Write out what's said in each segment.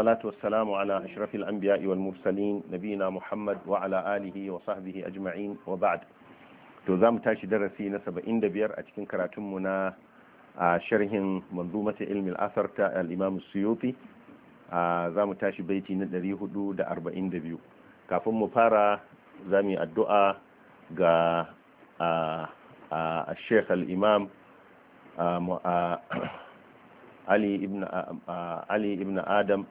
salatu wassalamu ala ashrafil anbiya'i wal mursalin nabina muhammad wa ala alihi wa sahbihi ajma'in wa ba'd to zamu tashi darasi na biyar a cikin karatun mu na a sharhin manzumat ilm al athar ta al imam suyuti zamu tashi baiti na biyu kafin mu fara zamu yi addu'a ga a a ali ali ibn adam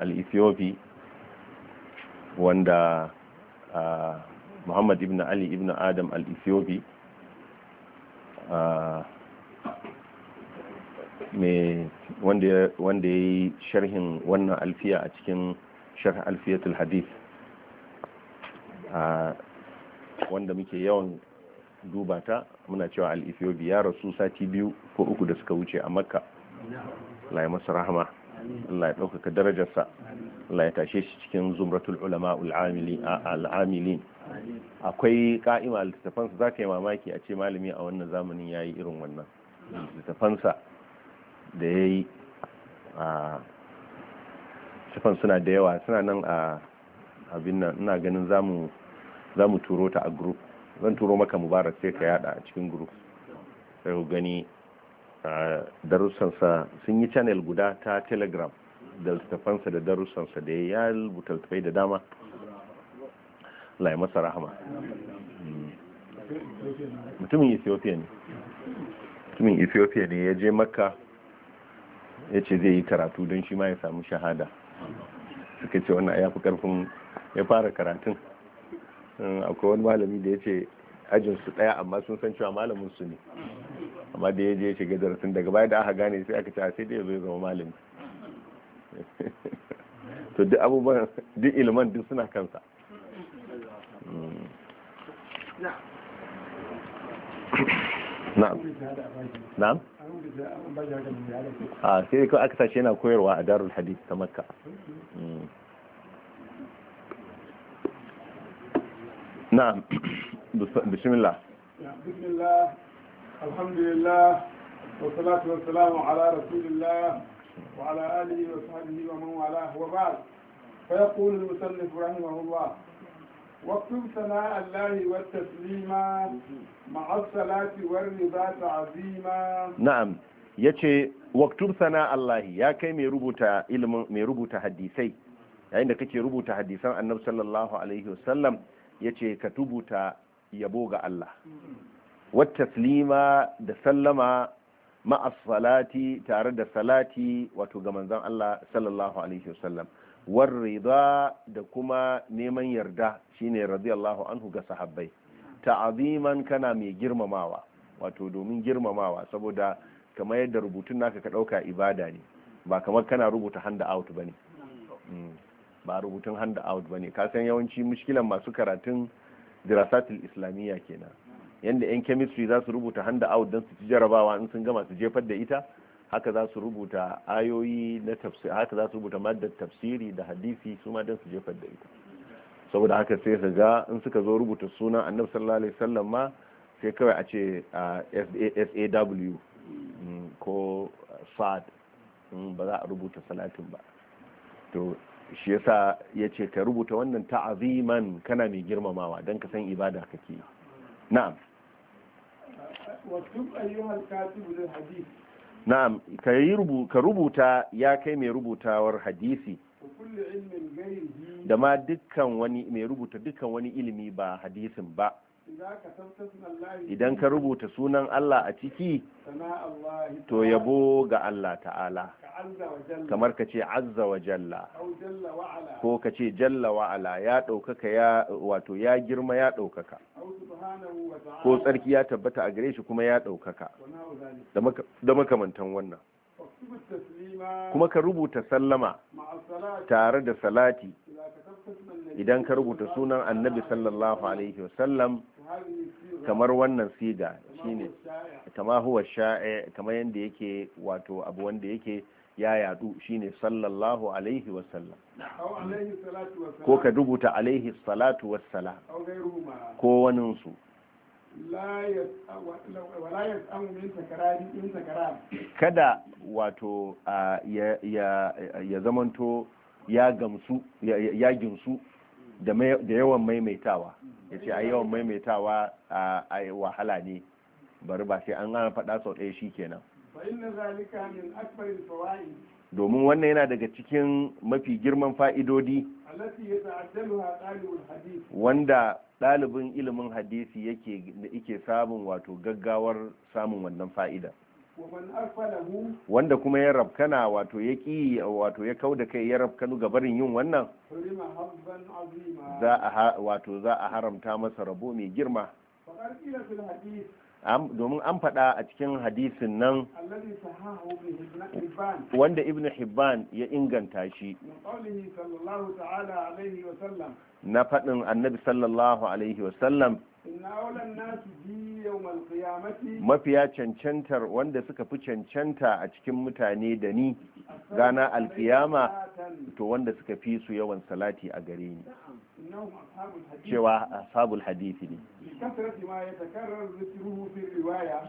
al-ethiopi wanda muhammad ibn ali ibn adam al-ethiopi wanda ya yi sharhin wannan alfiya a cikin sharh alfiyatul hadith wanda muke yawan dubata muna cewa al ethiopi ya rasu sati biyu ko uku da suka wuce a makka Allah ya masa rahama Allah ya ɗaukaka darajarsa Allah ya tashe shi cikin zumratul ulama al'amilin akwai ka'ima littattafansa za ka yi mamaki a ce malami a wannan zamanin ya yi irin wannan littattafansa da ya a suna da yawa suna nan a abin nan ina ganin za mu turo ta a group zan turo maka mubarak sai ka yada a cikin group sai ku gani darussansa sun yi channel guda ta telegram da littafansa da darussansa da ya rubuta littafai da dama lai masa rahama hmm. mutumin ethiopia ne mutumin ethiopia ne ya je makka ya ce zai yi karatu don shi ma ya samu shahada suka ce wannan ya fi karfin ya fara karatun hmm, akwai wani malami da ya ce ajinsu daya amma sun san cewa malamin su ne amma da ya je shiga darasin daga baya da aka gane sai aka ce sai dai zai zama malami to duk abubuwan duk ilman duk suna kansa hmm. na'am a ah, sai kawai aka sace yana koyarwa a darul hadith ta makka hmm. na'am bismillah الحمد لله والصلاة والسلام على رسول الله وعلى آله وصحبه ومن والاه وبعد فيقول المسلف رحمه الله واكتب ثناء الله والتسليم مع الصلاة والرضا تعظيما نعم yace waktub sana Allah ya kai mai rubuta ilimin mai rubuta hadisai yayin da kake rubuta hadisan Annabi sallallahu alaihi wasallam yace ka rubuta yabo ga Allah wattaslima da sallama ma'as salati tare da salati wato ga manzon Allah sallallahu alaihi wasallam war rida da kuma neman yarda shine radiyallahu anhu ga sahabbai ta'aziman kana mai girmamawa wato domin girmamawa saboda kamar yadda rubutun naka ka dauka ibada ne ba kamar kana rubuta hand out bane ba rubutun hand out bane ka san yawanci mushkilan masu karatun dirasatul islamiyya kenan yadda 'yan chemistry za su rubuta handa out don su ci jarabawa in sun gama su jefar da ita haka za su rubuta ayoyi na tafsiri haka za su rubuta maddar tafsiri da hadisi su ma don su jefar da ita saboda haka sai ka ga in suka zo rubuta suna annabi sallallahu alaihi wasallam ma sai kawai a ce SAW mm, ko sad mm, ba za a rubuta salatin ba to shi yasa ya ce ka rubuta wannan ta'aziman kana mai girmamawa don ka san ibada kake na'am na'am ka ka rubuta ya kai mai rubutawar hadisi da ma dukkan wani mai rubuta dukkan wani ilimi ba hadisin ba idan ka rubuta sunan Allah a ciki to yabo ga Allah ta'ala kamar ka ce azza wa jalla ko ka ce jalla wa ala ya ɗaukaka ya wato ya girma ya ɗaukaka ko tsarki ya tabbata a gare shi kuma ya ɗaukaka da makamantan wannan kuma ka rubuta sallama tare da salati idan ka rubuta sunan annabi sallallahu alaihi wasallam kamar wannan siga shine kama huwa sha'i kamar yanda yake wato abu wanda yake ya yadu shine sallallahu alaihi wasallam ko ka rubuta alaihi salatu wassalam ko su kada wato ya zamanto ya gamsu ya ginsu da yawan maimaitawa ya ce a yawan maimaitawa a wahala ne bari ba sai an gana faɗa sau ɗaya shi kenan domin wannan yana daga cikin mafi girman fa'idodi wanda ɗalibin ilimin hadisi yake samun wato gaggawar samun wannan fa'ida wanda kuma ya rabkana wato ya ƙi wato ya kau da kai ya rabkanu barin yin wannan wato za a haramta masa rabo mai girma domin an faɗa a cikin hadisin nan wanda ibn hibban ya inganta shi na faɗin annabi sallallahu alaihi wasallam mafiya cancantar wanda suka fi cancanta a cikin mutane da ni gana alkiyama to wanda suka fi su yawan salati a gare ni cewa sabul hadithi ne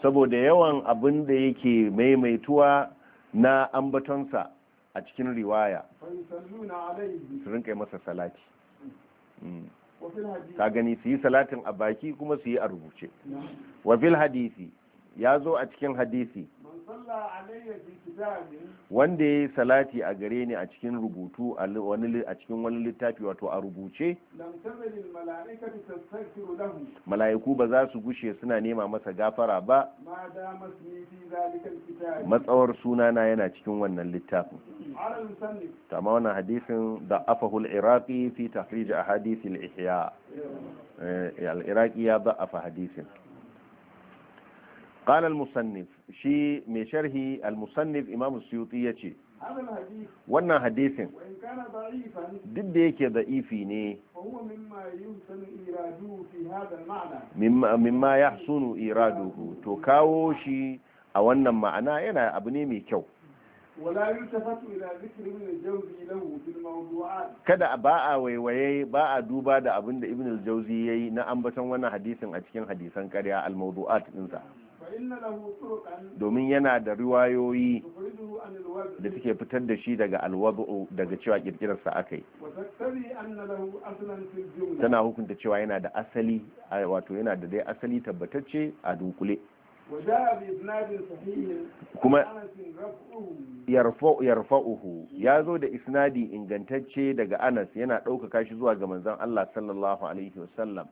saboda yawan abin da yake maimaituwa na ambatonsa a cikin riwaya su rinka masa salati hmm. ka gani su yi salatin a baki kuma su yi a rubuce wa fil hadisi ya zo a cikin hadisi wanda ya yi salati a gare ni a cikin rubutu a cikin wani littafi wato a rubuce mala'iku ba za su gushe suna nema masa gafara ba matsawar sunana yana cikin wannan littafin tama wannan hadisin da afahul iraqi fi a ahadith al-ihya eh, al-iraqi ya fa hadisin قال المصنف شي من شرحه المصنف إمام السيوطي يتي wannan hadisin duk da yake da'ifi ne mimma ya sunu iraduhu to kawo shi a wannan ma'ana yana abu ne mai kyau kada ba a waiwaye ba a duba da abin da ibn al-jauzi yayi na ambaton wannan hadisin a cikin hadisan karya al-mawdu'at dinsa domin yana da riwayoyi da suke fitar da shi daga alwabu daga cewa kirkirarsa aka yi tana hukunta cewa yana da asali wato yana da dai asali tabbatacce a dunkule kuma yarfa'uhu ya zo da isnadi ingantacce daga anas yana ɗaukaka shi zuwa ga manzon allah sallallahu alaihi wasallam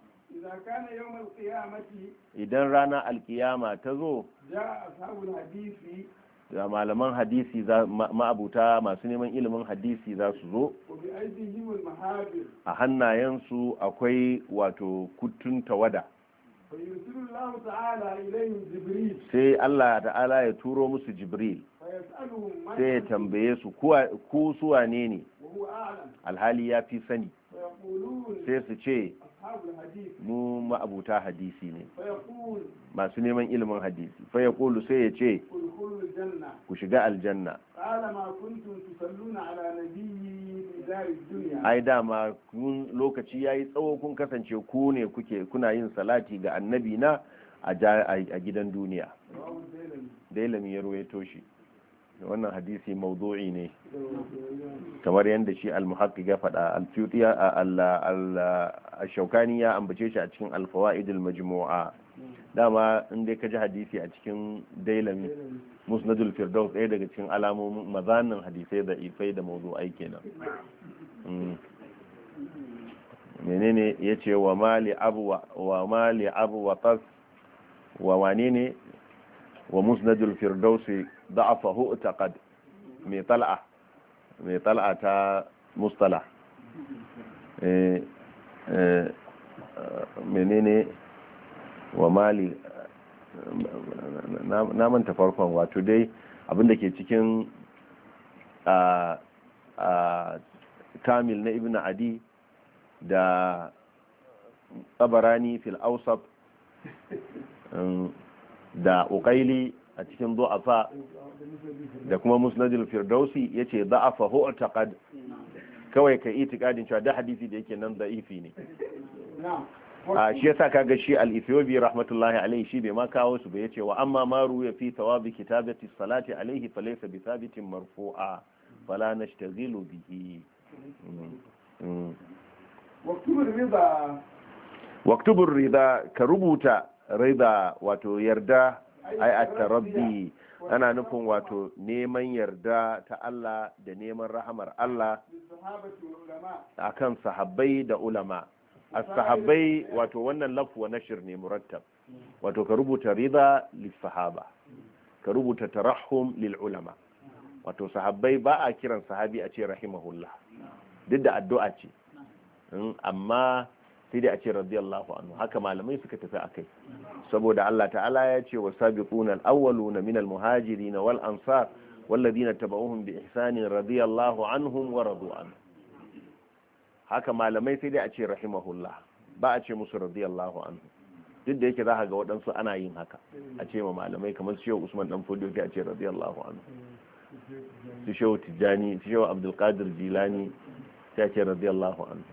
idan rana alkiyama ta zo da malaman hadisi ma'abuta masu neman ilimin hadisi za su zo a hannayensu akwai wato kutun tawada sai Allah ta'ala ya turo musu jibril sai ya tambaye su ku suwa ne ne alhali ya fi sani sai su ce mu ma'abuta hadisi ne masu neman ilimin hadisi faya kulu sai ya ce ku shiga aljanna ai dama lokaci lokaci yi tsawo kun kasance ku ne kuke kuna yin salati ga annabi na a gidan duniya dailami ya ruwaito shi wannan hadisi mawdu'i ne kamar yadda shi al-muhaqqiq ya faɗa al allah al-shaukani ya ambace shi a cikin al-fawaid al-majmu'a dama in dai ka ji hadisi a cikin dailami musnadul firdaus ɗaya daga cikin alamomin mazanin hadisai da ifai da mawdu'ai kenan hmm. menene yace wa mali wa mali abu tas wa wane ne wa musnadul firdausi da'afahu utaqad mai tal'a mai tal'a ta mustala eh, eh, menene wa mali na manta farkon wato dai abinda ke cikin kamil na ibn adi da tsabarani fil ausab um, da ukaili a cikin du'afa da kuma musnadul firdausi yace da'afa taqad kawai ka itikadin cewa da hadisi da yake nan da'ifi ne a shi yasa kaga shi al ithiyobi rahmatullahi alaihi shi bai ma kawo su ba yace wa amma ma ruya fi tawabi kitabati salati alaihi fa laysa bi thabitin marfu'a fala nashtaghilu bihi mm. Mm. waktubur rida ka rubuta Riba wato yarda ai rabbi ana nufin wato neman yarda ta Allah da neman rahamar Allah akan sahabbai da ulama as-sahabbai wato wannan lafu wa nashr ne murattab wato ka rubuta rida sahaba ka rubuta tarahum lil ulama wato sahabbai ba a kiran sahabi a ce rahimahullah duk da addu'a ce hmm, amma sai dai a ce radiyallahu anhu haka malamai suka tafi a kai saboda Allah ta'ala ya ce wa sabiquna al-awwaluna min al-muhajirin wal ansar tabauhum bi ihsanin radiyallahu anhum wa radu an haka malamai sai dai a ce rahimahullah ba a ce musu radiyallahu anhu duk da yake za ga waɗansu ana yin haka a ce ma malamai kamar su shehu usman dan fodiyo sai a ce radiyallahu anhu su shehu tijjani su shehu abdulkadir jilani sai a ce radiyallahu anhu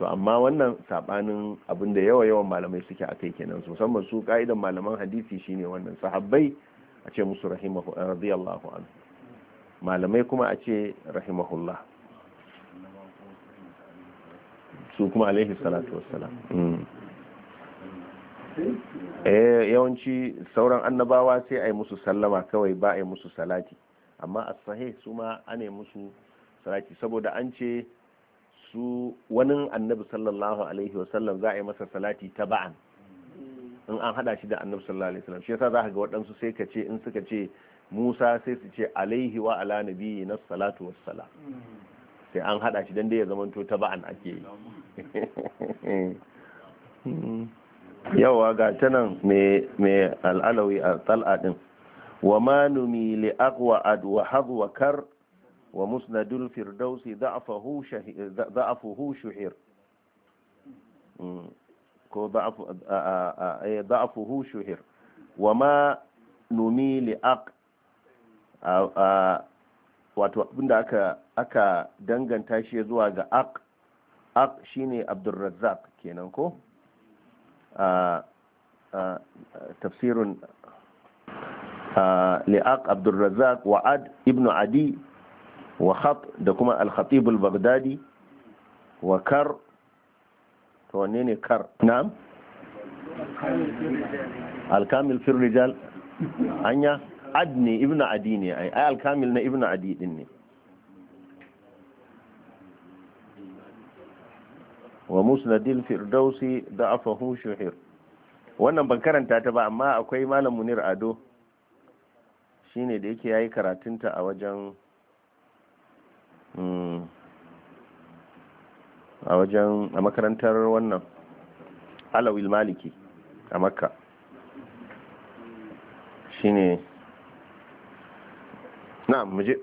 to amma wannan sabanin abin da yawa yawan malamai suke a kai kenan musamman su ka'idan malaman hadisi shine wannan sahabbai a ce musu rahimahu radiyallahu an malamai kuma a ce rahimahullah su kuma alaihi salatu wassalam hmm. eh yawanci sauran annabawa sai a yi musu sallama kawai ba a yi musu salati amma as-sahih su ma ana musu salati saboda an ce su wani annabi sallallahu alaihi wasallam za a yi masa salati ta ba'an in an hada shi da annabi sallallahu alaihi wasallam shi yasa za ka ga waɗansu sai ka ce in suka ce musa sai su ce alaihi wa ala nabiyyi na salatu sala sai an hada shi dan dai ya zamanto ta ba'an ake yi yawa ga nan mai al'alawi a tal'a din wa manumi li aqwa ad wa hadwa kar wa musnadul firdausi da'afuhu shuhir mm. ko eh, da'afuhu shuhir wa ma numi li'aq wato abinda aka aka danganta shi zuwa ga aq aq shine abdurrazzaq kenan ko tafsirun li'aq abdurrazzaq wa ad ibn adi wa khat da kuma al-khatib al-baghdadi wa kar to wanne ne kar na'am al-kamil fi rijal anya adni ibnu adi ne ai al-kamil na ibnu adi din ne wa musnadil firdausi da afahu shuhir wannan ban karanta ta ba amma akwai malam munir ado shine da yake yayi karatunta a wajen Hmm. a wajen a makarantar wannan alawil maliki a makka ne, na muje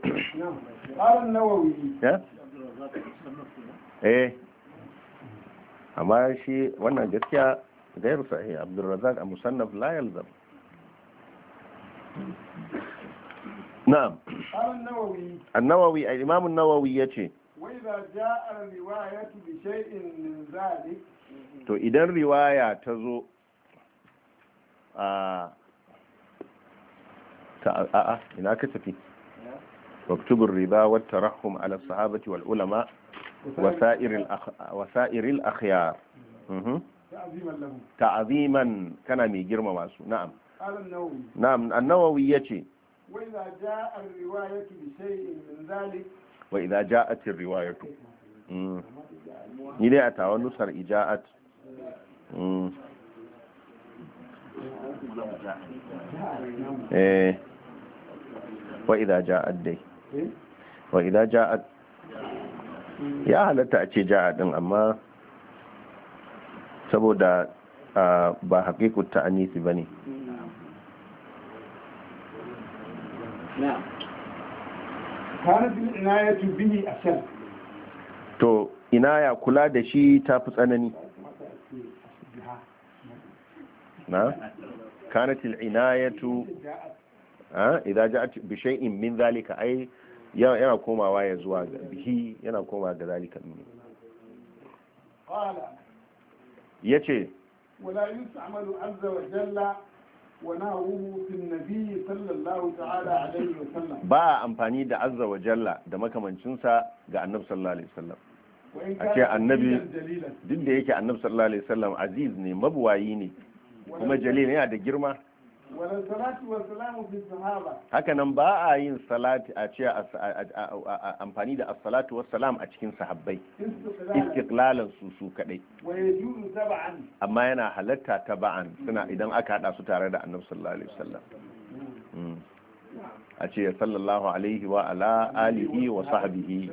ya? eh amma shi wannan gaskiya gairu sahi abdulrazak a musannaf la yalzam نعم النووي النووي الإمام النووي يتي وإذا جاء الرواية بشيء من ذلك تو إذا الرواية تزو آه آه إن آه، أكتفي واكتب الربا والترحم على الصحابة والعلماء وسائر الأخ... وسائر الأخيار تعظيما لهم تعظيما كان مي جرم نعم نعم النووي نعم النووي يتي وإذا جاء الرواية بشيء من ذلك وإذا جاءت الرواية ni dai a tawon nusar ija'at eh wa idza dai wa idza ya halatta a ce ja'a din amma saboda ah, ba bane na'am kana bil inaya kula da shi ta fi tsanani na kanatil inayatu idan ja'at bi in min zalika ai yana komawa ya zuwa ga bihi yana komawa ga zalika ne ya yace wala amalu azza wa jalla ba a amfani da azza wa jalla da makamancinsa ga annabi sallallahu alaihi wasallam a ce annabi duk da yake annabi sallallahu alaihi wasallam aziz ne mabuwayi ne kuma jalil yana da girma haka nan ba a yin salati a ce amfani da assalatu wassalam a cikin sahabbai istiklalan su su kadai amma yana halatta ta ba'an suna idan aka hada su tare da annabi sallallahu alaihi wasallam hmm. a ce sallallahu alaihi wa ala alihi wa sahbihi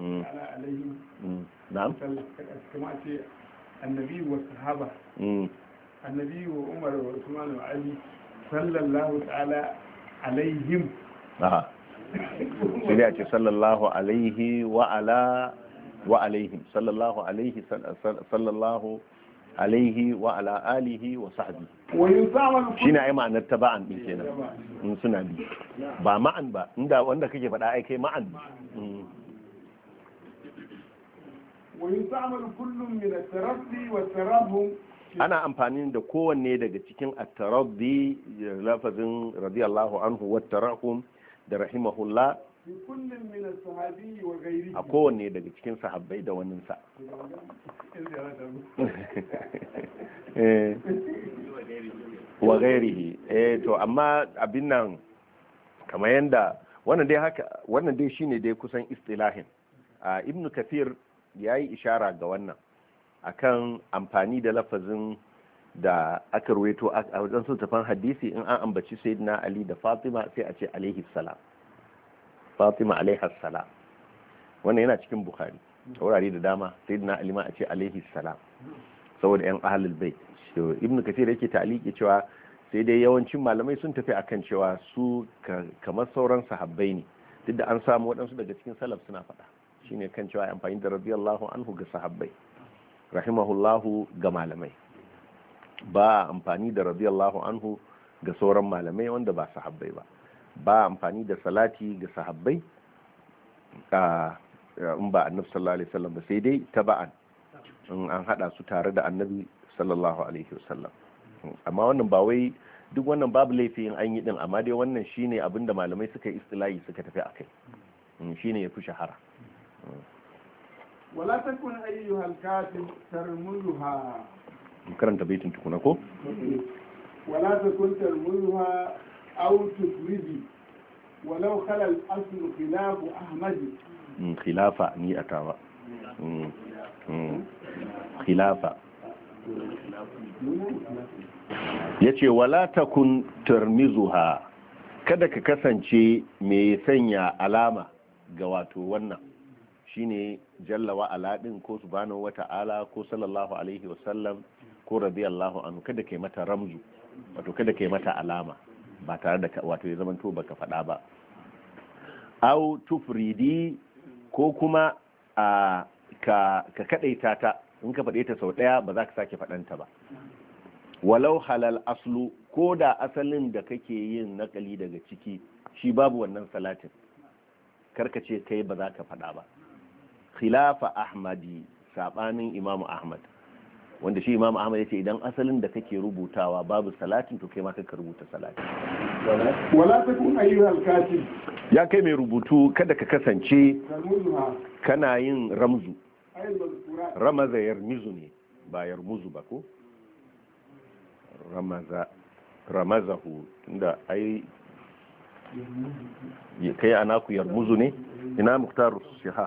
hmm. hmm. na'am annabi wa sahaba annabi wa umar wa usman wa ali sallallahu ta'ala alaihim aha sai ya ce sallallahu alaihi wa ala wa alaihim sallallahu alaihi sallallahu alaihi wa ala alihi wa sahbi shine ai ma'anar taba'an din kenan in suna bi ba ma'an ba inda wanda kake faɗa ai kai ma'an ويستعمل كل من التربي والتربم ana amfani da kowanne daga cikin at-taraddi lafazin radiyallahu anhu wa tarahum da rahimahullah a kowanne daga cikin sahabbai da waninsa eh. wa gairihi eh to amma abin nan kamar yadda wannan dai haka wannan dai shine dai kusan istilahin ah, ibnu kathir ya yi ishara ga wannan akan amfani da lafazin da aka ruwaito a wajen sultafan hadisi in an ambaci sayyidina ali da fatima sai a ce alaihi salam fatima alaihi salam wannan yana cikin bukhari wurare da dama sayyidina ali ma a ce alaihi salam saboda yan ahlul bait ibnu kathir yake ta'liqi cewa sai dai yawancin malamai sun tafi akan cewa su kamar sauran sahabbai ne duk da an samu waɗansu daga cikin salaf suna faɗa shine kan cewa amfani da radiyallahu anhu ga sahabbai rahimahullahu ga malamai ba amfani da radiyallahu anhu ga sauran malamai wanda ba sahabbai ba ba amfani da salati ga sahabbai in ba annabi sallallahu alaihi wasallam ba sai dai taba'an in an hada su tare da annabi sallallahu alaihi wasallam amma wannan ba wai duk wannan babu laifi in an yi din amma dai wannan shine abinda malamai suka yi istilahi suka tafi akai shine ya fi shahara wala takun ayyuhal kafir tarmuyuha karanta baitin tukuna ko wala takun tarmuyuha aw tukridi walau khala al-asl khilaf ahmad khilafa ni atawa khilafa yace wala takun tarmizuha kada ka kasance mai sanya alama ga wato wannan shine jalla wa aladin ko subhanahu wa ta'ala ko sallallahu alaihi wa sallam ko radiyallahu anhu kada kai mata ramzu wato kada kai mata alama ba tare da wato ya zamanto baka faɗa ba au tufridi ko kuma a ka ka kadaita ta in ka faɗe ta sau ɗaya ba za ka sake faɗanta ba walau halal aslu ko da asalin da kake yin nakali daga ciki shi babu wannan salatin karka ce kai ba za ka faɗa ba khilafa ahmadi sabanin Imam ahmad wanda shi Imam ahmad ya ce idan asalin da kake rubutawa babu salatin to kai ma kaka rubuta salatin wala takun ayyuhal alkatib ya kai mai rubutu kada ka kasance kana yin ramzu ramaza yarmizu ne ba yarmuzu ba ko ramaza ramazahu tunda ai kai ana ku yarmuzu ne ina muktaru shiha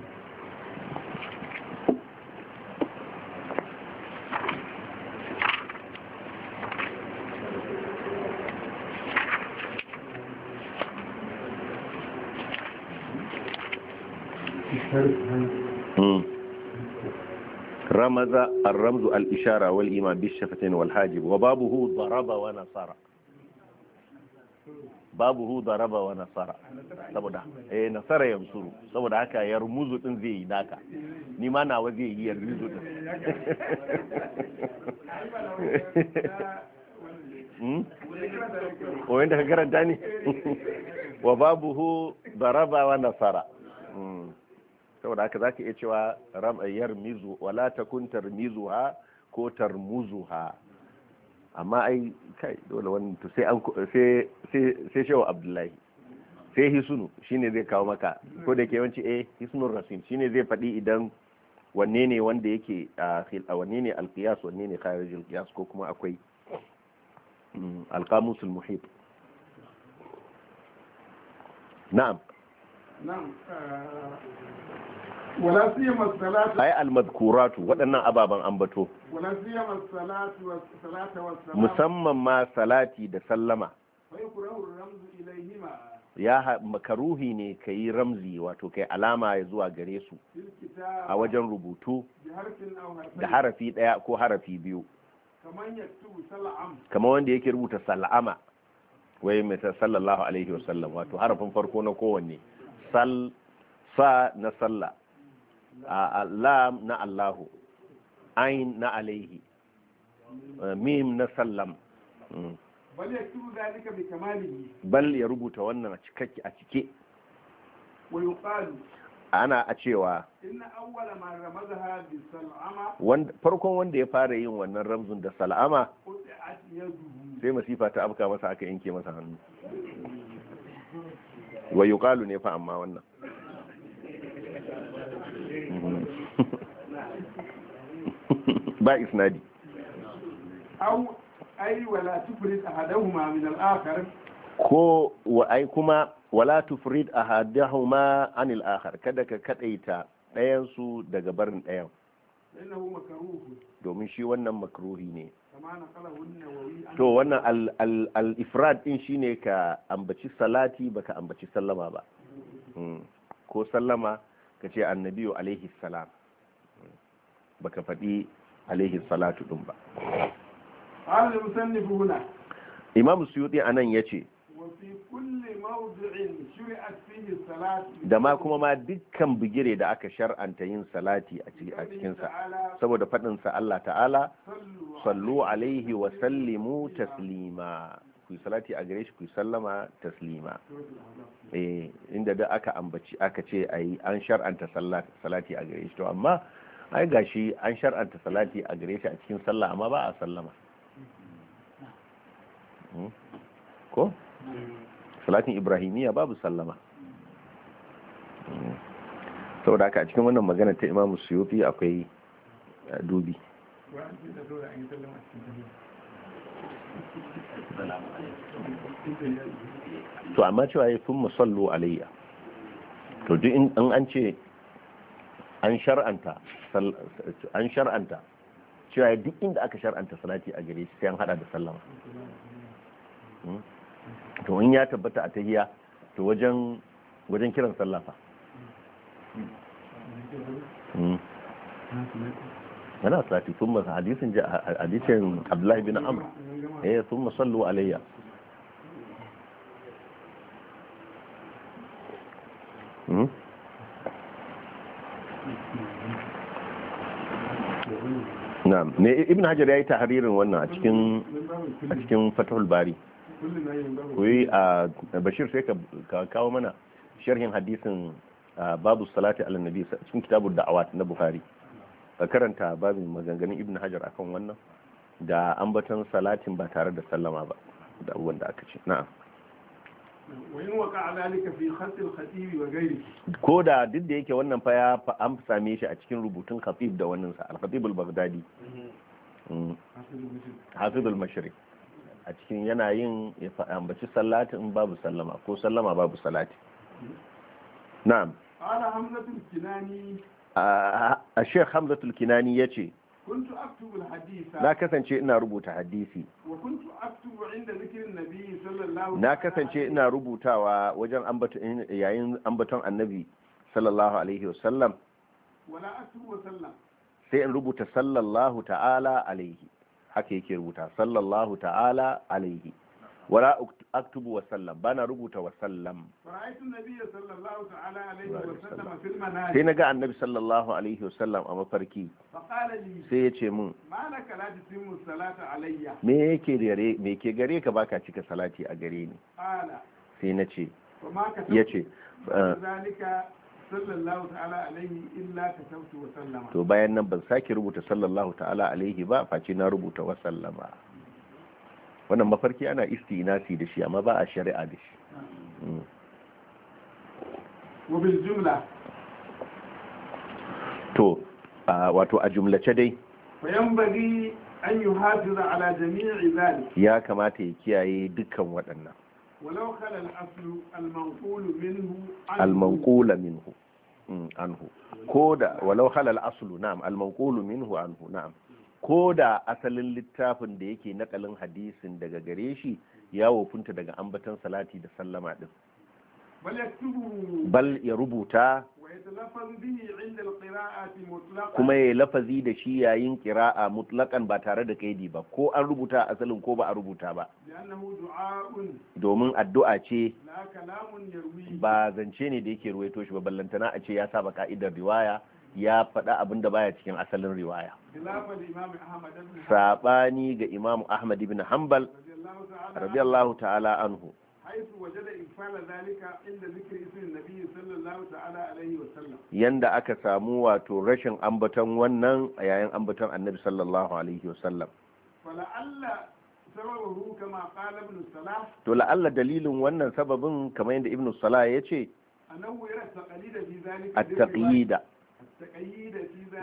ramaza ar-ramzu al-ishara wal ima bi shafatain wal hajib wa babuhu daraba wa nasara babuhu daraba wa nasara saboda eh nasara yansuru saboda haka yarmuzu din zai yi daka ni ma nawa zai yi yarmuzu din koyon da ka karanta ne wa babuhu daraba wa nasara saboda haka zaka iya cewa ram mizu wala takun ha ko ha amma ai kai dole wannan to sai an sai sai shehu abdullahi sai hisunu shine zai kawo maka hmm. ko da ke yawanci eh hisunu rasim shine zai faɗi idan wanne ne wanda yake a wanne ne alqiyas wanne ne kharij alqiyas ko kuma akwai mm, alqamus almuhit na'am na'am uh, wala siyama salatu ay waɗannan ababan ambato wala siyama salatu salama musamman ma salati da sallama fa yukrahu ramzu ilayhima ya makaruhi ne ka yi ramzi wato kai alama ya zuwa gare su a wajen rubutu da harafi ɗaya ko harafi biyu kama wanda yake rubuta sal'ama wai mai sallallahu alaihi wasallam wato harafin farko na kowanne sal sa na sallah lam na Allahu ain na alaihi eh, mim na sallam mm. bal ya rubuta wannan a cikakke a cike ana a cewa farkon wanda ya fara yin wannan ramzun da sal'ama sai masifa ta afka masa aka yanke masa hannu wa ne fa amma wannan ba isnadi au ko wa ai kuma wala tufrid ahaduhuma an al-akhar kada ka kadaita ɗayan su daga barin ɗayan domin shi wannan makruhi ne to wannan al-ifrad din shine ka ambaci salati baka ambaci sallama ba mm-hmm. hmm. ko sallama ka ce alaihi salam baka faɗi alaihi salatu ɗin ba imam suyuti a nan ya ce da ma kuma ma dukkan bigire da aka shar'anta yin salati a cikinsa saboda faɗinsa Allah ta'ala sallu alaihi wa sallimu taslima ku salati a gare shi ku sallama taslima eh, inda da aka ambaci aka ce ayi an shar'anta salati a gare shi to amma ai gashi an shar'anta salati a gare shi a cikin sallah amma ba a sallama hmm? ko salatin ibrahimiyya babu sallama hmm. saboda haka a cikin wannan magana ta imamu suyuti akwai eh, dubi to amma cewa ya fi musallu alayya to duk in an ce an shar'anta an shar'anta cewa duk inda aka shar'anta salati a gare shi sai an hada da sallama hmm? to in ya tabbata a tahiya to wajen wajen kiran sallafa hmm? yana salati sun masa hadisin hadisin abdullahi bin amr eh sun masallu alayya Mm-hmm. na'am ne ibn hajar yayi tahririn wannan a cikin a cikin fatahul bari koyi a bashir sai ka kawo mana sharhin hadisin babu salati ala nabi cikin kitabud da'awat na bukhari ka karanta babin maganganun ibn hajar akan wannan da ambaton salatin ba tare da sallama ba da abubuwan aka ce na'am ko da duk da yake wannan fa ya an same shi a cikin rubutun khatib da wannan sa al-khatib al-baghdadi mm-hmm. hafiz al-mashriq a cikin yana yin ya ambaci sallati in babu sallama ko sallama babu salati na'am ala hamzatul kinani a sheikh hamzatul kinani yace na kasance ina rubuta hadisi na kasance ina rubutawa wajen yayin ambaton annabi sallallahu alaihi wasallam sai in rubuta sallallahu ta'ala alaihi haka yake rubuta sallallahu ta'ala alaihi wala aktubu wasallam. sallam bana rubuta wa sallam sai na ga annabi sallallahu alaihi wa sallam a mafarki sai ya ce min me yake gare me ke gare ka baka cika salati a gare ni sai na ce ya ce ah. sallallahu ta'ala alaihi illa katabtu wa sallama to bayan nan ban sake rubuta sallallahu ta'ala alaihi ba face na rubuta wasallama. wannan mafarki ana istinasi da shi amma ba a shari'a da shi mm. to wato a jumlace dai an yi hafiza ala jami'i zalik ya kamata ya kiyaye dukkan waɗannan walau kala al-aslu al-manqulu minhu al-manqula minhu mm, anhu ko da walau kala al-aslu na'am al-manqulu minhu anhu na'am ko da asalin littafin da yake nakalin hadisin daga gare shi ya wofinta daga ambatan salati da sallama din bal ya rubuta kuma ya lafazi da shi yayin kira'a mutlakan ba tare da kaidi ba ko an rubuta asalin ko ba a rubuta ba domin addu'a ce ba zance ne da yake ruwaito shi ba ballantana a ce ya saba ka'idar riwaya ya faɗa abin da baya cikin asalin riwaya saɓani ga imamu ahmad ibn hanbal radiyallahu ta'ala anhu yanda aka samu wato rashin ambaton wannan a yayin ambaton annabi sallallahu alaihi wasallam to la'alla dalilin wannan sababin kamar yadda ibn salah ya ce a taƙida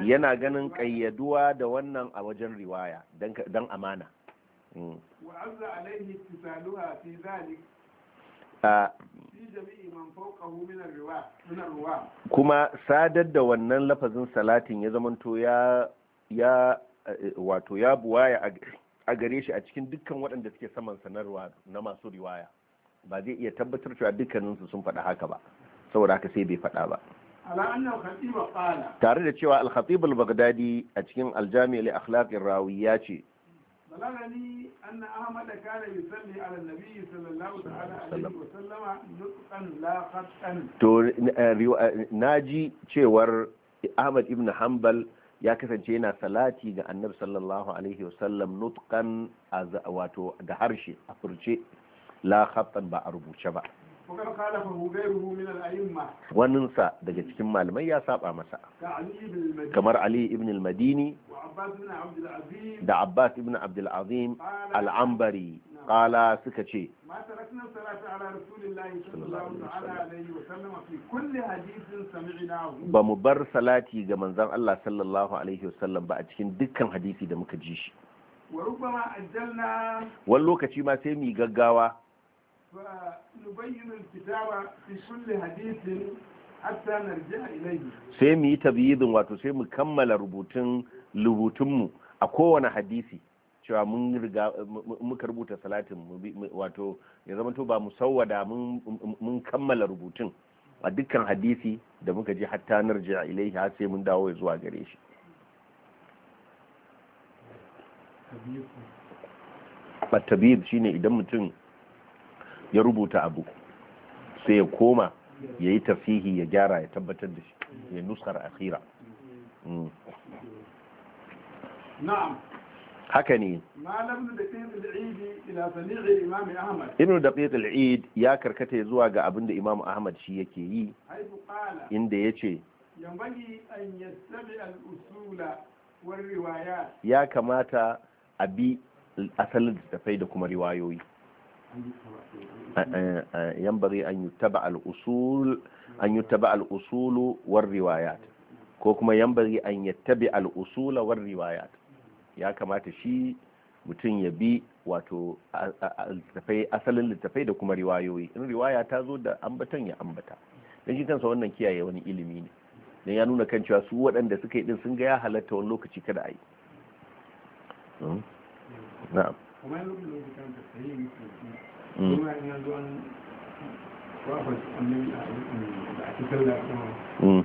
yana ganin ƙayyaduwa da wannan a wajen riwaya don amana hmm. kuma sadar da wannan lafazin salatin ya zamanto ya ya eh, wato ya buwaya a gare shi a cikin dukkan waɗanda suke saman sanarwa na masu riwaya ba zai iya tabbatar cewa dukkaninsu sun faɗa haka ba saboda haka sai bai faɗa ba tare da cewa al-khatib al-baghdadi a cikin al-jami' li akhlaq ar-rawi ya ce بلغني أن أحمد كان يصلي على النبي صلى الله عليه وسلم نطقا لا خطا تو ناجي cewar Ahmad ibn Hanbal ya kasance yana salati ga Annabi sallallahu alaihi wa sallam nutqan wato da harshe a furce la khatan ba a rubuce ba waninsa daga cikin malamai ya saba masa kamar ali ibn madini da abbas ibn abdulazim al'ambari kala suka ce ba mu bar salati ga manzan allah sallallahu ba a cikin dukkan hadisi da muka ji shi wani lokaci ma sai mu gaggawa sai mu yi tabyidin wato sai mu kammala rubutun rubutunmu a kowane hadisi cewa mun riga muka rubuta salatin wato ya zama to ba mu sauwada mun kammala rubutun a dukkan hadisi da muka ji hatta a ilaihi ha sai mun dawo zuwa gare shi at shine idan mutum ya rubuta abu sai ya koma ya yi tafihi ya gyara ya tabbatar da shi ya nuskar akhira mm. haka ne ibn da al-eid ya karkata zuwa ga abinda da imam ahmad shi yake yi inda ya ce ya kamata a bi asalin da tafai da kuma riwayoyi ينبغي أن يتبع الأصول أن an الأصول والروايات usul ينبغي أن ko kuma والروايات an كما تشي usul war ya kamata shi mutum ya bi wato asalin littafai da kuma riwayoyi in riwaya ta zo da ambatan ya ambata don shi kansa wannan kiyaye wani ilimi ne don ya nuna kan cewa su waɗanda suka yi din sun ga ya halatta wani lokaci kada a yi na'am kuma ne da kan da yi ne ke kuma mm. yana zuwa an wafa annabi a cikin da kuma mm.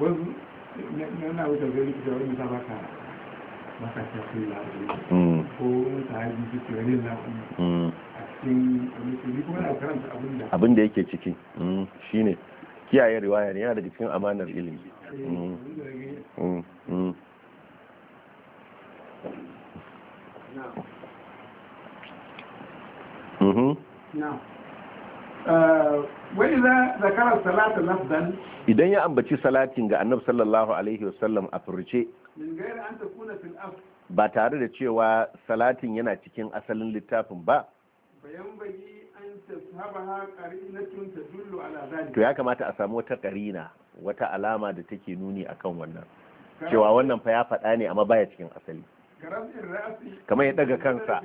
wasu na wuce ga likita wani ta baka baka ta fi lafiya mm. ko wani ta haji cikin ke wani lafiya a cikin wani kuma na karanta abin da abin da yake ciki shine kiyaye ne, yana da cikin amanar ilimi eh, Now. Mm-hmm. Uh, idan ya ambaci salatin ga annabu sallallahu alaihi wasallam a furce ba tare da cewa salatin yana cikin asalin littafin ba to ya kamata a samu wata karina wata alama da take nuni akan wannan cewa wannan fa ya faɗa ne amma baya cikin asali kamar ya daga kansa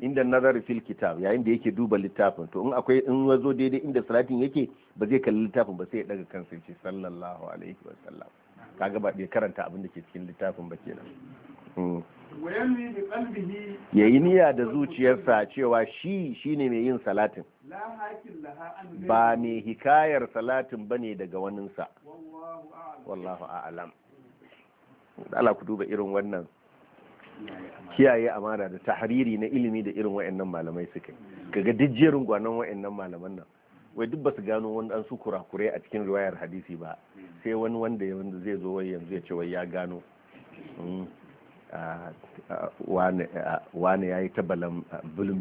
inda nazari fil kitab yayin da yake duba littafin to in akwai in wazo daidai inda salatin yake ba zai kalli littafin ba sai ya daga kansa ce sallallahu alaihi wa sallam kaga ba bai karanta abin da ke cikin littafin ba kenan hmm. yayi niyya da zuciyarsa cewa shi shine mai yin salatin ba mai hikayar salatin bane daga waninsa wallahu a'lam ala ku duba irin wannan kiyaye amana da tahariri na ilimi da irin wa'annan malamai suka kaga duk jerin gwanon wa'annan malaman nan wai duk basu gano wani an su kurakurai a cikin riwayar hadisi ba sai wani wanda wanda zai zo wai yanzu ya ce wai ya gano hmm, wane ya yi ta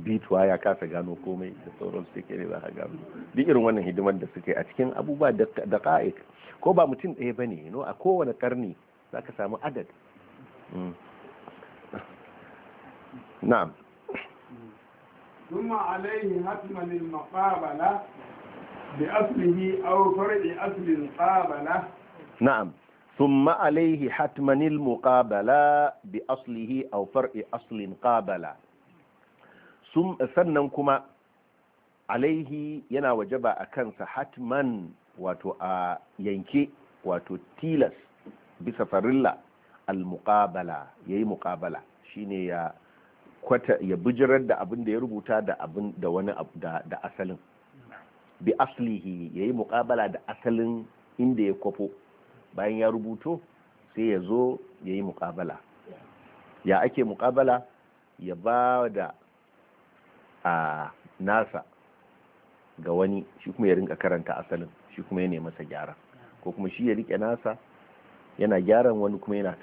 bituwa ya kasa gano komai da sauran su ke za a gano duk irin wannan hidimar da su a cikin abubuwa da ka'ik ko ba mutum ɗaya ba ne a kowane karni za ka samu adad hmm. na'am ثم عليه حتما المقابلة بأصله أو فرع أصل القابلة نعم ثم عليه حتما المقابلة بأصله أو فرع أصل قابلة ثم سننكما alaihi yana wajaba a kansa hatman wato a yanke wato tilas bisa farilla al-muqabala yayi muqabala shine ya kwata ya bijirar da abin da ya rubuta da abin da wani da asalin bi aslihi ya yi muƙabala da asalin inda ya kwafo bayan ya rubuto sai ya zo ya yi muƙabala ya ake muƙabala ya ba da a nasa ga wani shi kuma ya rinka karanta asalin shi kuma ya ne masa gyara ko kuma shi ya rike nasa yana gyaran wani kuma yana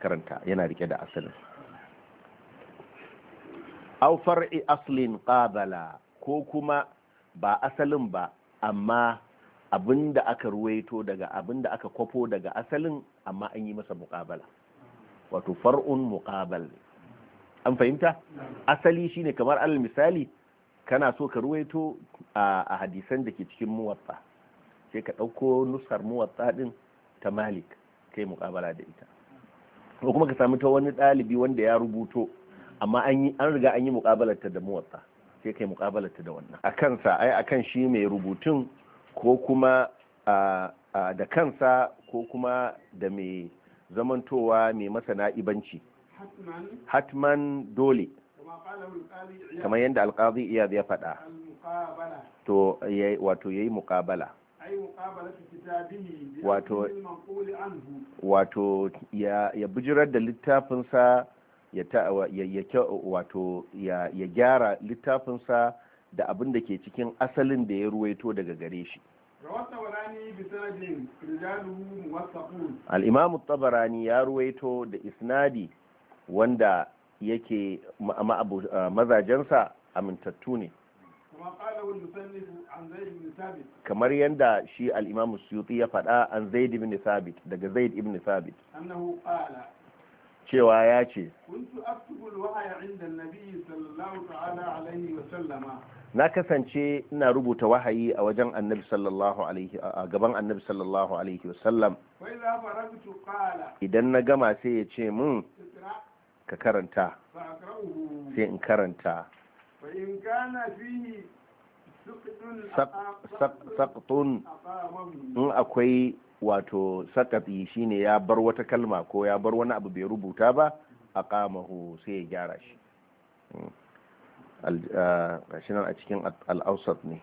karanta yana rike da asalin au far'i aslin qabala ko kuma ba asalin ba amma abinda aka ruwaito daga abinda aka kwafo daga asalin amma an yi masa muƙabala wato far'un muƙabal an fahimta asali shine kamar alal misali kana so ka ruwaito a hadisan da ke cikin muwatta sai ka ɗauko nusar muwatta din ta malik kai muƙabala da ita ko kuma ka samu ta wani ɗalibi wanda ya rubuto amma an riga an yi mukabalarta da muwatta sai kai mukabalarta da wannan a kansa ai a kan shi mai rubutun ko kuma da kansa ko kuma da mai zamantowa mai masana ibanci hatman dole kamar yadda alkazi iya ya faɗa to wato ya yi mukabala wato ya bijirar da littafinsa ya gyara littafinsa da abin da ke cikin asalin da ya ruwaito daga gare shi al'imamu tabarani ya ruwaito da isnadi wanda yake mazajensa amintattu ne kamar yadda shi al'imamu suyuti ya faɗa an zaid ibn sabit daga zaid ibn sabit cewa ya ce na kasance ina rubuta wahayi a wajen annabi sallallahu alaihi a gaban annabi sallallahu alaihi wasallam idan na gama sai ya ce mun ka karanta sai in karanta saƙtun in akwai wato sakafi shine ya bar wata kalma ko ya bar wani abu bai rubuta ba a kamahu sai ya gyara shi hmm. gashi nan a cikin al'ausat ne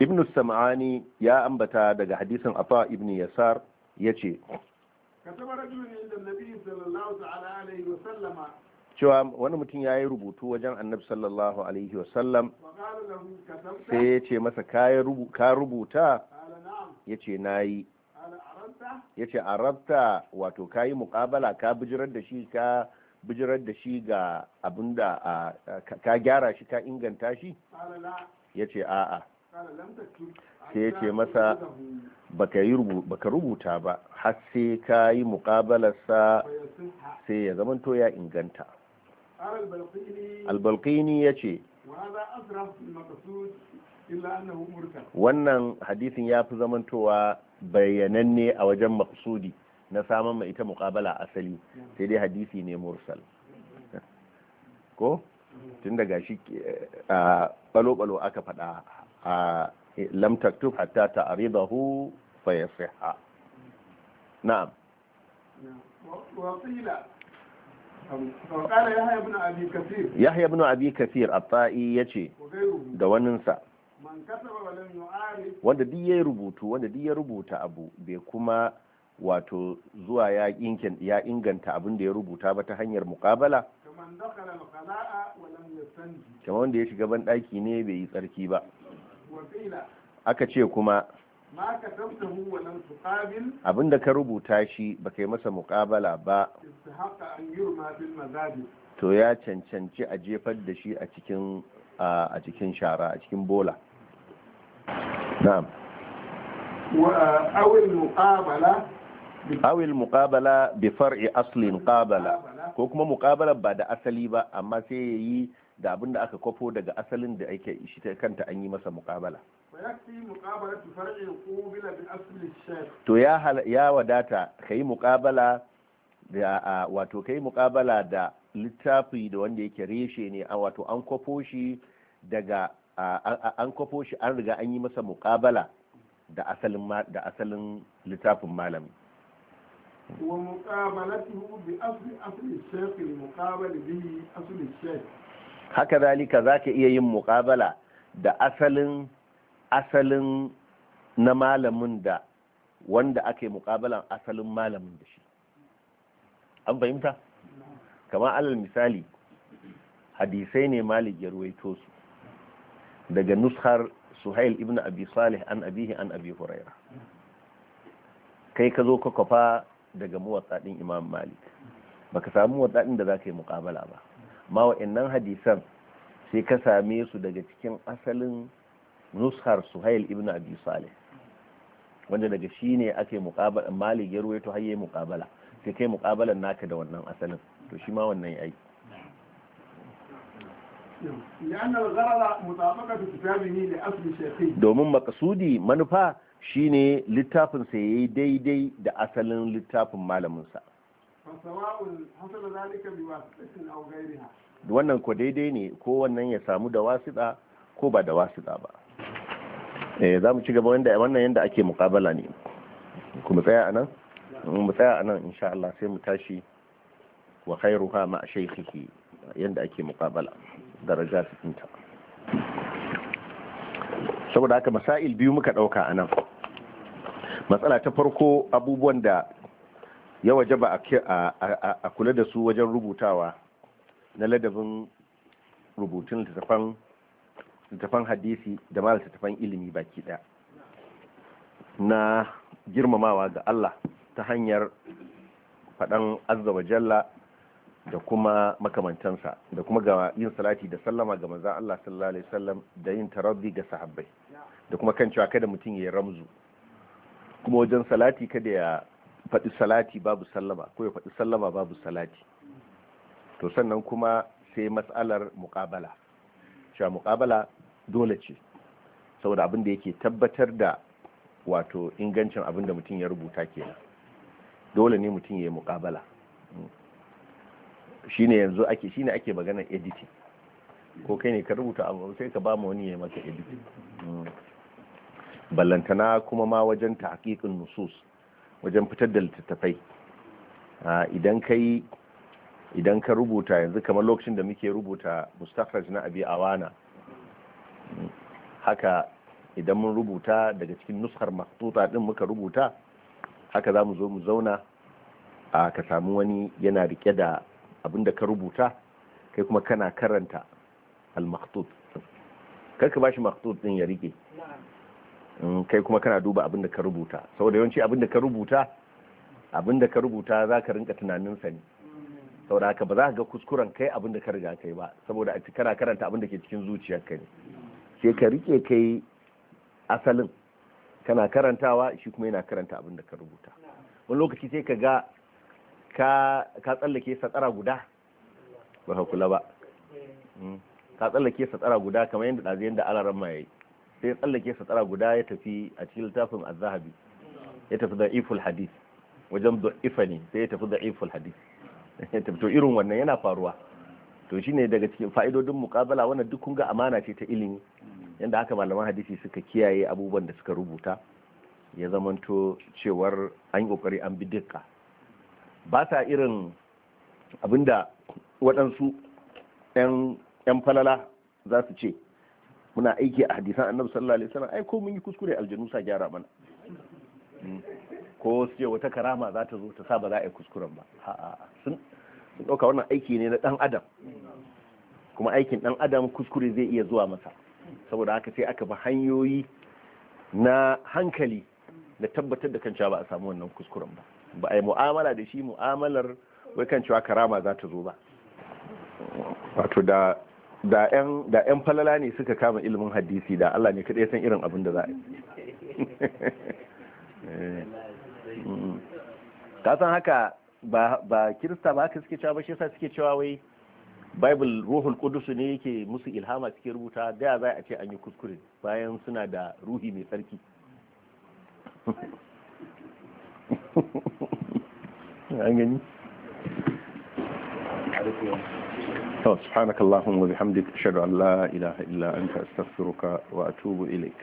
ibn sam'ani ya ambata daga hadisin afa ibn yasar ya ce كتب رجل عند النبي صلى الله عليه وسلم cewa wani mutum ya yi rubutu wajen annabi sallallahu alaihi wasallam sai ya ce masa ka rubuta ya ce na yi ya ce rabta, wato ka yi mukabala ka bijirar da shi ka bijirar da shi ga abin da ka gyara shi ka inganta shi ya ce a'a sai ya ce masa baka rubuta ba har sai ka yi mukabalarsa sai ya zamanto ya inganta albalkini ya ce wannan hadisin ya fi zamantowa bayyananne a wajen maksudi na samun mai ita muƙabala asali sai dai hadisi ne mursal ko tun daga shi a balo-balo aka faɗa a lamtaktub hatta ta fa na'am yahya ibn abi kathir at-ta'i yace da waninsa wanda duk yayi rubutu wanda duk ya rubuta abu bai kuma wato zuwa ya inganta abin da ya rubuta ba ta hanyar muƙabala kamar wanda ya shiga ban ɗaki ne bai yi tsarki ba aka ce kuma Abin da ka rubuta shi ba kai masa muƙabala ba to ya cancanci a jefar da shi a cikin a shara a cikin bola awil mukabala bi far'i aslin qabala ko kuma mukabala ba da asali ba amma sai yayi da abin da aka kwafo daga asalin da ake shi ta kanta an yi masa muƙabala. to ya hal ya wadata kai mukabala muƙabala da wato kai mukabala da littafi da wanda yake reshe ne a wato an kwafo shi daga an kwafo shi an riga an yi masa mukabala da asalin da asalin littafin malami wa muqabalatuhu bi asli asli shaykh al muqabal bi asli shaykh haka zalika zaka iya yin muqabala da asalin asalin na malamin da wanda ake mukabalan asalin malamin da shi an fahimta kamar alal misali hadisai ne malik ya ruwaito su daga nushar suhail ibn abi salih an abihi an abi huraira kai ka zo ka kafa daga muwatsadin imam malik baka samu muwatsadin da za ka yi mukabala ba ma wa'annan hadisan sai ka same su daga cikin asalin nushar suhail ibn abi salih wanda daga shi ne ake muqabala malik ya ruwaito har muqabala sai kai muqabalan naka da wannan asalin to shi ma wannan yayi domin makasudi manufa shine littafin sa yayi daidai da asalin littafin malamin sa wannan ko daidai ne ko wannan ya samu da wasiɗa ko ba da wasiɗa ba eh za mu ci gaba wanda wannan yanda ake muƙabala ne kuma tsaya a nan mu tsaya a nan insha Allah sai mu tashi wa khairuha ma shaykhihi yanda ake muƙabala daraja cikin ta saboda haka masail biyu muka dauka anan. matsala ta farko abubuwan da ya waje ba a kula da su wajen rubutawa na ladabin rubutun littattafan littattafan hadisi da ma littattafan ilimi baki ɗaya na girmamawa ga Allah ta hanyar faɗan azza wa jalla da kuma makamantansa da kuma ga yin salati da sallama ga manzan Allah sallallahu alaihi wasallam da yin tarabbi ga sahabbai da kuma kan cewa kada mutum ya ramzu kuma wajen salati kada ya faɗi salati babu sallama ko ya faɗi sallama babu salati to sannan kuma sai matsalar muƙabala cewa muƙabala dole ce saboda abin da yake tabbatar da wato ingancin abin da mutum ya rubuta kenan dole ne mutum ya yi mukabala. shine yanzu ake shine ake maganar editing ko kai ne ka rubuta abu sai ka ba mu wani ya yi maka editing ballantana kuma ma wajen tahqiqin nusus wajen fitar da littattafai idan kai idan ka rubuta yanzu kamar lokacin da muke rubuta mustakhraj na abi awana haka idan mun rubuta daga cikin nuskar maktuta din muka rubuta haka za mu zo mu zauna a ka samu wani yana rike da abin da ka rubuta kai kuma kana karanta al-maktut karka bashi maktut din ya rike kai kuma kana duba abin da ka rubuta saboda yawanci abin da ka rubuta abin da ka rubuta za ka rinka tunanin sa ne saboda haka ba za ka ga kuskuren kai abin da ka riga kai ba saboda a cikin karanta abin da ke cikin zuciyarka ne sai ka rike kai asalin kana karantawa shi kuma yana karanta abin da ka rubuta wani lokaci sai ka ga ka tsallake satsara guda ba ka kula ba hmm. ka tsallake satsara guda kamar yadda ɗazi yadda alaran ma ya yi sai tsallake satsara guda ya tafi a cikin littafin azahabi ya tafi da iful hadith wajen da ifani sai ya tafi da iful hadith to irin wannan yana faruwa to shine daga cikin fa'idodin muqabala wannan duk kun ga amana ce ta ilimi yanda haka malaman hadisi suka kiyaye abubuwan da suka rubuta ya zamanto cewar an yi kokari an bi dukka ba ta irin abinda waɗansu 'yan falala za su ce muna aiki a hadisan annabi sallallahu alaihi wasallam ai ko mun yi kuskure aljanu sa gyara mana hmm. ko su wata karama za ta zo ta sa ba za a yi kuskuren ba ɗauka wannan aiki ne na ɗan adam kuma aikin ɗan adam kuskure zai iya zuwa masa saboda haka sai aka bi hanyoyi na hankali da tabbatar da kancewa ba a samu wannan kuskuren ba ba a yi mu'amala da shi mu'amalar wai kancewa karama za ta zo ba wato da da yan falala ne suka kama ilimin hadisi da Allah ne kaɗai san irin abin da za a yi eh. ka san haka ba kirista ba haka suke cewa ba shi yasa suke cewa wai bible ruhul kudus ne yake musu ilhama suke rubuta da za a ce an yi kuskure bayan suna da ruhi mai tsarki an gani سبحانك bihamdika ashhadu an la ilaha illa anta astaghfiruka wa atubu ilayk